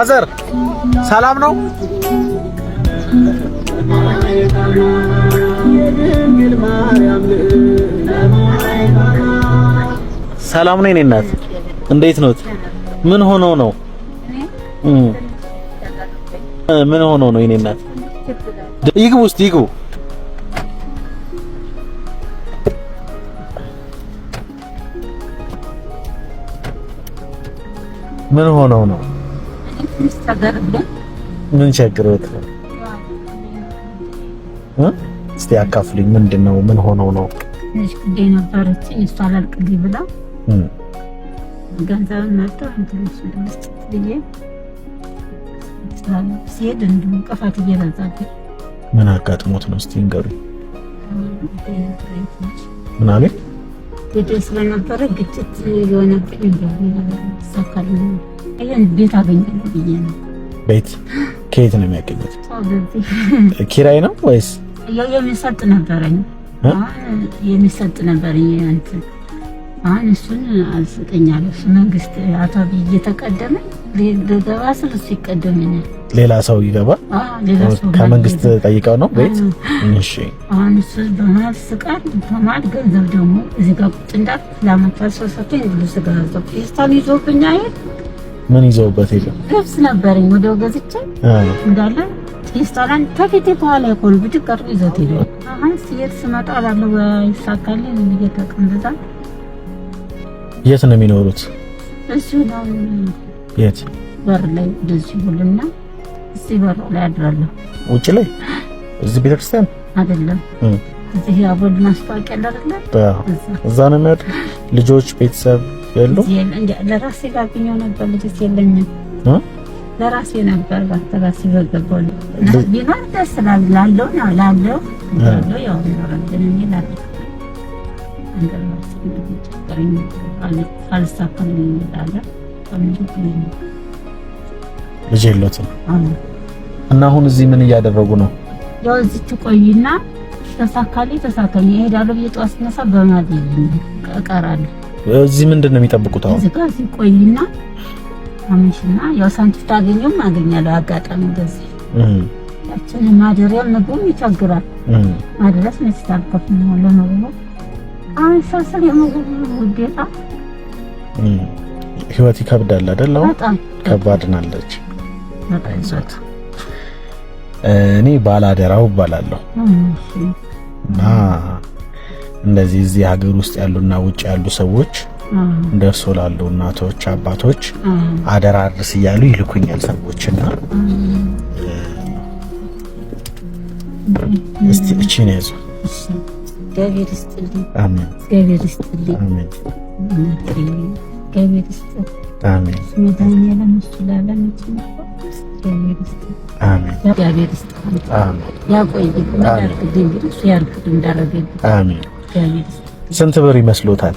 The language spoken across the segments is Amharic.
አዘር ሰላም ነው? ሰላም ነው የኔ እናት፣ እንዴት ነው? ምን ሆኖ ነው? ምን ሆኖ ነው የኔ እናት? ይግቡ ውስጥ ይግቡ። ምን ሆኖ ነው? ምን ቸግሮት ነው? እስቲ አካፍልኝ። ምንድን ነው? ምን ሆነው ነው? ትንሽ ጉዳይ ነበረች እሷ አላልቅልኝ ብላ ገንዘብን መርጣ እንትልሽ ውስጥ ብዬ ሲሄድ እንዲሁ ቅፋት እየበዛብኝ። ምን አጋጥሞት ነው? እስቲ ንገሩኝ። ምን አለ? ቤት ስለነበረ ግጭት የሆነብኝ እንዲሁ ሳካልኝ ቤት አገኘሁ ብዬ ነው። ቤት ከየት ነው የሚያገኘት? ኪራይ ነው ወይስ ያው የሚሰጥ ነበረኝ? የሚሰጥ ነበረኝ እንትን አሁን እሱን አልሰጠኛለሁ። እሱ መንግስት አቶ አብይ እየተቀደመ ገባ ስል እሱ ይቀደመኛል። ሌላ ሰው ይገባ ከመንግስት ጠይቀው ነው ቤት። እሺ አሁን እሱ በመሀል ስቃል፣ በመሀል ገንዘብ ደግሞ እዚህ ጋር ቁጭ እንዳልኩት ላመታል ሰጥቶኝ ብሉ ስጋ ሶ ስታን ምን ይዘውበት የለም። ገብስ ነበረኝ ወደው ገዝቼ እንዳለ ሬስቶራንት ከፊት የተዋለ የኮል ብድግ ቀርቶ ይዘት ሄደ። አሁን ሲሄድ ስመጣ ባለ ይሳካል። የት ነው የሚኖሩት? እዚሁ ነው። የት በር ላይ እንደዚህ ሁሉና እዚህ በር ላይ አድራለሁ። ውጭ ላይ እዚህ ቤተክርስቲያን አይደለም እዚህ አቦል ማስታወቂያ አይደለም፣ እዛ ነው የሚያድር ልጆች ቤተሰብ ያለው ለራሴ ነበር። ለራሴ ነበር ባተራሴ ቢኖር ደስ ላለው ነው ላለው ያው ልጅ የለትም እና አሁን እዚህ ምን እያደረጉ ነው? ያው እዚህ ትቆይና ተሳካልኝ ተሳካኝ እሄዳለሁ ብዬ ጠዋት ስነሳ እቀራለሁ እዚህ ምንድን ነው የሚጠብቁት? አሁን እዚህ ጋር ሲቆይና አመሽና ያው ሳንቲም ታገኙም አገኛለሁ አጋጣሚ እንደዚህ ያችን ማደሪያም ምግቡም ይቸግራል። ማድረስ መስታልከፍ ነው ለምግቡ አንሳሰል የምግቡ ውዴታ ህይወት ይከብዳል አይደል? አሁን ከባድናለች። እኔ ባላደራው እባላለሁ እና እንደዚህ እዚህ ሀገር ውስጥ ያሉና ውጭ ያሉ ሰዎች እንደርሶ ላሉ እናቶች፣ አባቶች አደራ አድርስ እያሉ ይልኩኛል ሰዎችና እስቲ እቺ ነው ያዙ። እግዚአብሔር ይስጥልኝ። አሜን። እግዚአብሔር ይስጥልኝ። አሜን። እግዚአብሔር ይስጥልኝ። አሜን። መድኃኒዓለም እሱ ላለም እግዚአብሔር ይስጥልኝ። አሜን። ያቆይ እንዳደርግልኝ እሱ ያልኩት እንዳደረገልኝ አሜን። ስንት ብር ይመስሎታል?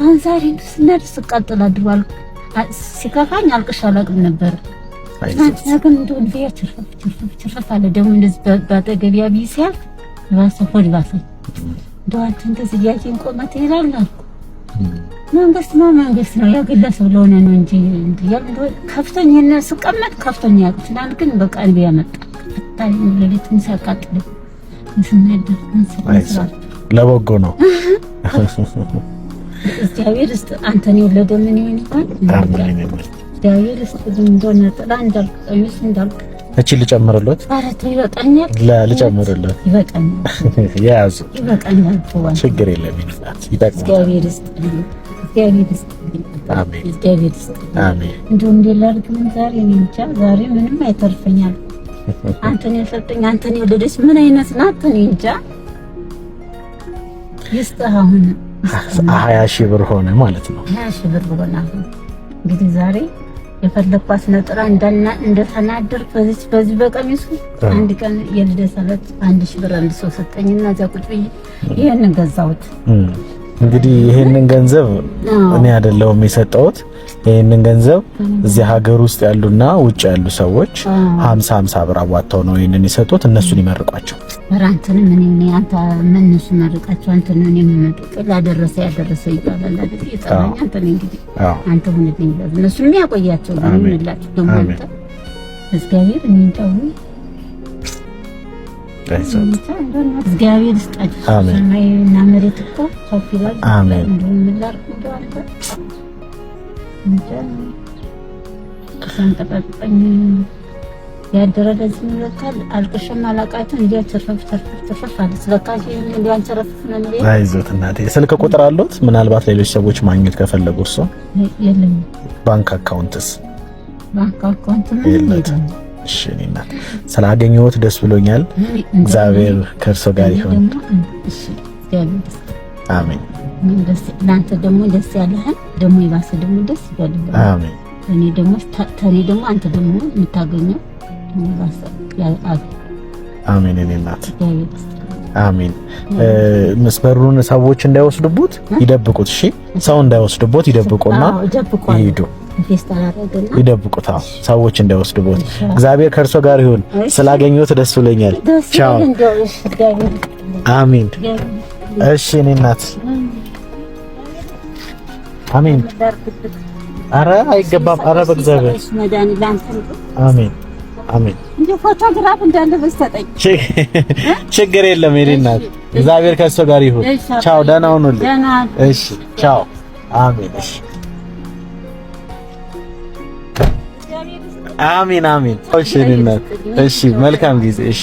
አሁን ዛሬ እንደው ስናደድ ስቃጥል አድሯል። ሲከፋኝ አልቅሼ አላውቅም ነበር። ግን እንደው ልቤ ችርፍ ችርፍ አለ። ደግሞ እንደዚህ ባጠገቤ አብይ ሲያልፍ ሆድ ባሰ። እንደው አንተ እንደዚህ እያየን ቆመህ ትሄዳለህ አልኩ። መንግስት ነው መንግስት ነው ለሆነ ነው እንጂ ከፍቶኝ እና ስቀመጥ ከፍቶኝ ያውቅ ትናንት ግን በቃ ልቤ ያመጣ ታዲያ ለሌትም ሲያቃጥል ለበጎ ነው። እግዚአብሔር ይስጥ። አንተን የወለደ ምን ይሆን ይሆን? እግዚአብሔር ይስጥ። እንደሆነ ጥላ እንዳልክ ቀሚስ እንዳልክ እቺ ልጨምርልዎት? ኧረ ይበቃኛል። ልጨምርልዎት? ይበቃኛል። ያዙ። ይበቃኛል። ችግር የለም። ይጠቅማል። ዛሬ ዛሬ ምንም አይተርፈኛል። አንተን የሰጠኝ አንተን የወለደች ምን አይነት ናት? እኔ እንጃ። ይስጥህ አሁን ሀያ ሺህ ብር ሆነ ማለት ነው። ሀያ ሺህ ብር ብሎናል። እንግዲህ ዛሬ የፈለኳት ነጥራ እንደና እንደተናደር በዚህ በዚህ በቀሚሱ አንድ ቀን የልደት ዕለት አንድ ሺህ ብር አንድ ሰው ሰጠኝና እዚያ ቁጭ ብዬ ይህንን ገዛሁት። እንግዲህ ይሄንን ገንዘብ እኔ አይደለሁም የሰጠሁት። ይሄንን ገንዘብ እዚህ ሀገር ውስጥ ያሉና ውጭ ያሉ ሰዎች 50 50 ብር አዋጥተው ነው ይሄንን የሰጡት። እነሱን ይመርቋቸው። ራንተን ምን እኔ አንተ ምን እነሱ መርቃቸው አንተ ምን እኔ ምን ያደረሰ ያደረሰ ይባላል አይደል? ይጣላኝ አንተ ነህ እንግዲህ አንተ ሁን ልኝ እነሱን የሚያቆያቸው ምን ይላችሁ ደግሞ አንተ እግዚአብሔር እኔን እግዚአብሔር ይስጣችሁ። ሰማይና መሬት እኮ ሰፊ አልቅሽም አለ አይዞት እናቴ ስልክ ቁጥር አሉት ምናልባት ሌሎች ሰዎች ማግኘት ከፈለጉ እሱ የለም። ባንክ አካውንትስ? ባንክ አካውንት ነው እሺ እኔ እናት ስላገኘሁት ደስ ብሎኛል። እግዚአብሔር ከእርሶ ጋር ይሁን። አሜን። ለአንተ ደግሞ ደስ ያለህን ደግሞ የባሰ ደግሞ ደስ ይበል። አሜን። እኔ ደግሞ ተኔ ደግሞ አንተ ደግሞ የምታገኘው አሜን። እኔ እናት አሜን። መስበሩን ሰዎች እንዳይወስዱቦት ይደብቁት። እሺ ሰው እንዳይወስዱቦት ይደብቁና ይሄዱ። ይደብቁታ ሰዎች እንዳይወስዱቦት። እግዚአብሔር ከእርሶ ጋር ይሁን። ስላገኘሁት ደስ ብሎኛል። ቻው። አሜን። እሺ እኔ እናት አሜን። አረ አይገባም። አረ በእግዚአብሔር አሜን። አሜን። ፎቶግራፍ እንዳለ በስተቀኝ ችግር የለም። እኔ እናት እግዚአብሔር ከእርሶ ጋር ይሁን። ቻው። ደህና ሁኑልኝ። እሺ ቻው። አሜን። እሺ አሜን አሜን። እሺ መልካም ጊዜ እሺ